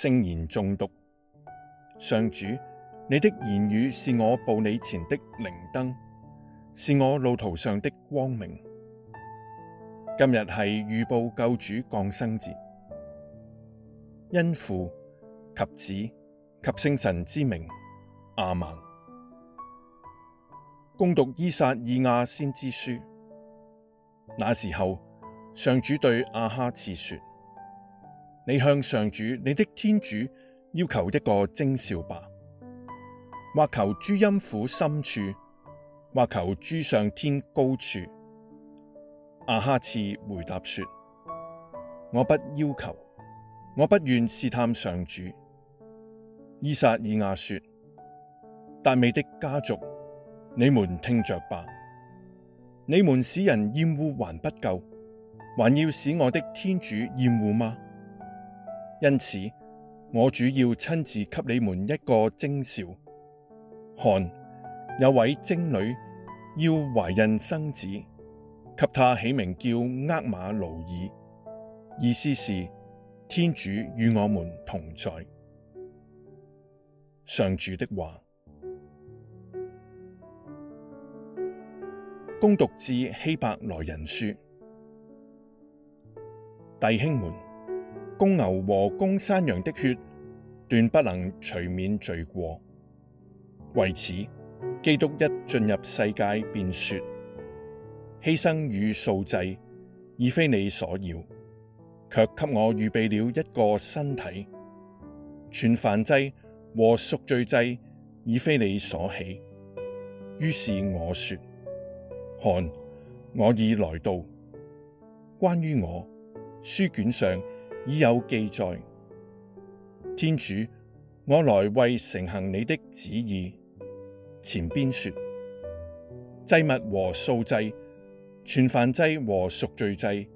聖言誦讀。上主，你的言語是我步你前的明燈，是我路途上的光明。今日係預報救主降生節，因父及子及聖神之名，阿門。恭讀依撒意亞先知書，那時候上主對阿哈次說你向上主，你的天主要求一個徵兆吧，或求諸陰府深處，或求諸上天高處。阿哈次回答說：我不要求，我不願試探上主。依撒意亞說：達味的家族，你們聽着吧，你們使人厭惡還不夠，還要使我的天主厭惡嗎？因此，我主要親自給你們一個徵兆。看，有位貞女要懷孕生子，給他起名叫厄馬奴耳，意思是天主與我們同在。上主的話，恭讀致希伯來人書，弟兄們。公牛和公山羊的血，斷不能除免罪過。為此，基督一進入世界便說：犧牲與素祭，已非你所要；卻給我預備了一個身體，全燔祭和贖罪祭，已非你所喜。」於是我說：看，我已來到。關於我，書卷上。已有記載，天主，我來為承行你的旨意。前邊說，祭物和素祭，全燔祭和贖罪祭，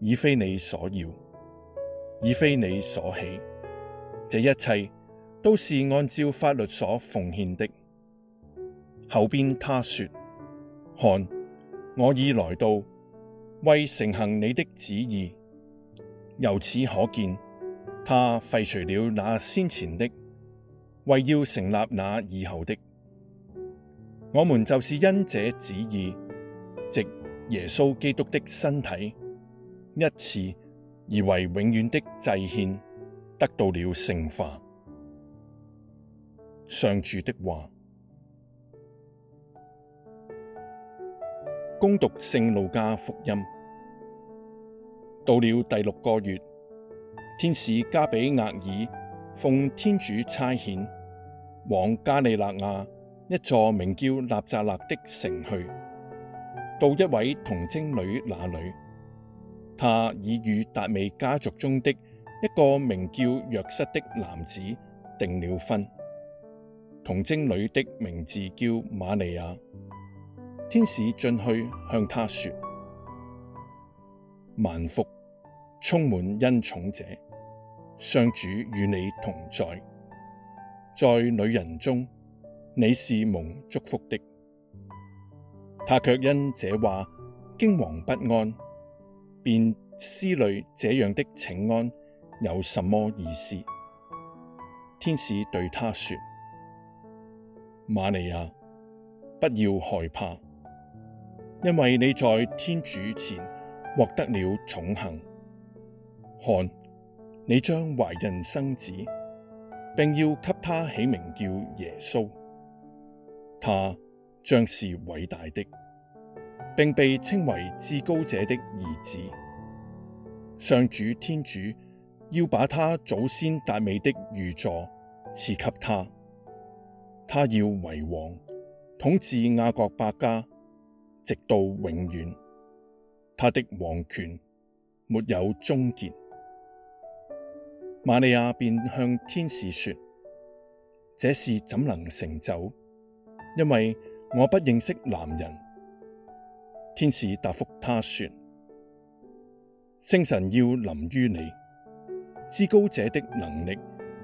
已非你所要，已非你所喜。這一切都是按照法律所奉獻的。後邊他說，看，我已來到，為承行你的旨意。由此可見，他廢除了那先前的，為要成立那以後的。我們就是因這旨意，藉耶穌基督的身體一次而為永遠的祭獻，得到了聖化。上主的話，恭讀聖路加福音。到了第六個月，天使加俾額爾奉天主差遣，往加里肋亞一座名叫納匝肋的城去，到一位童貞女那裏，她已與達味家族中的一個名叫若瑟的男子訂了婚。童貞女的名字叫瑪利亞。天使進去向她說：萬福。充滿恩寵者，上主與你同在，在女人中你是蒙祝福的。她卻因這話驚惶不安，便思慮這樣的請安有什麼意思。天使對她說：瑪利亞，不要害怕，因為你在天主前獲得了寵幸。看，你將懷孕生子，並要給他起名叫耶穌。他將是偉大的，並被稱為至高者的兒子。上主天主要把他祖先達味的御座賜給他，他要為王，統治雅各伯家，直到永遠。他的王權沒有終結。瑪利亞便向天使說：這事怎能成就？因為我不認識男人。天使答覆他說：聖神要臨於你，至高者的能力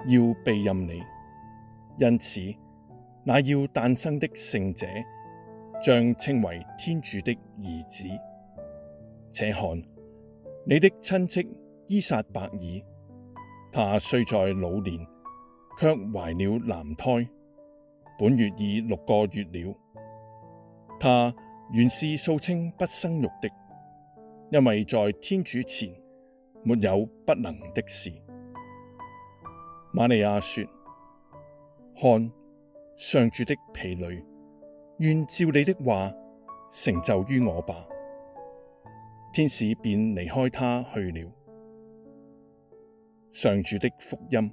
要庇蔭你，因此，那要誕生的聖者將稱為天主的兒子。且看，你的親戚依撒伯爾。她雖在老年，卻懷了男胎，本月已六個月了。她原是素稱不生育的，因為在天主前沒有不能的事。瑪利亞說：看，上主的婢女，願照你的話成就於我吧。天使便離開她去了。上主的福音。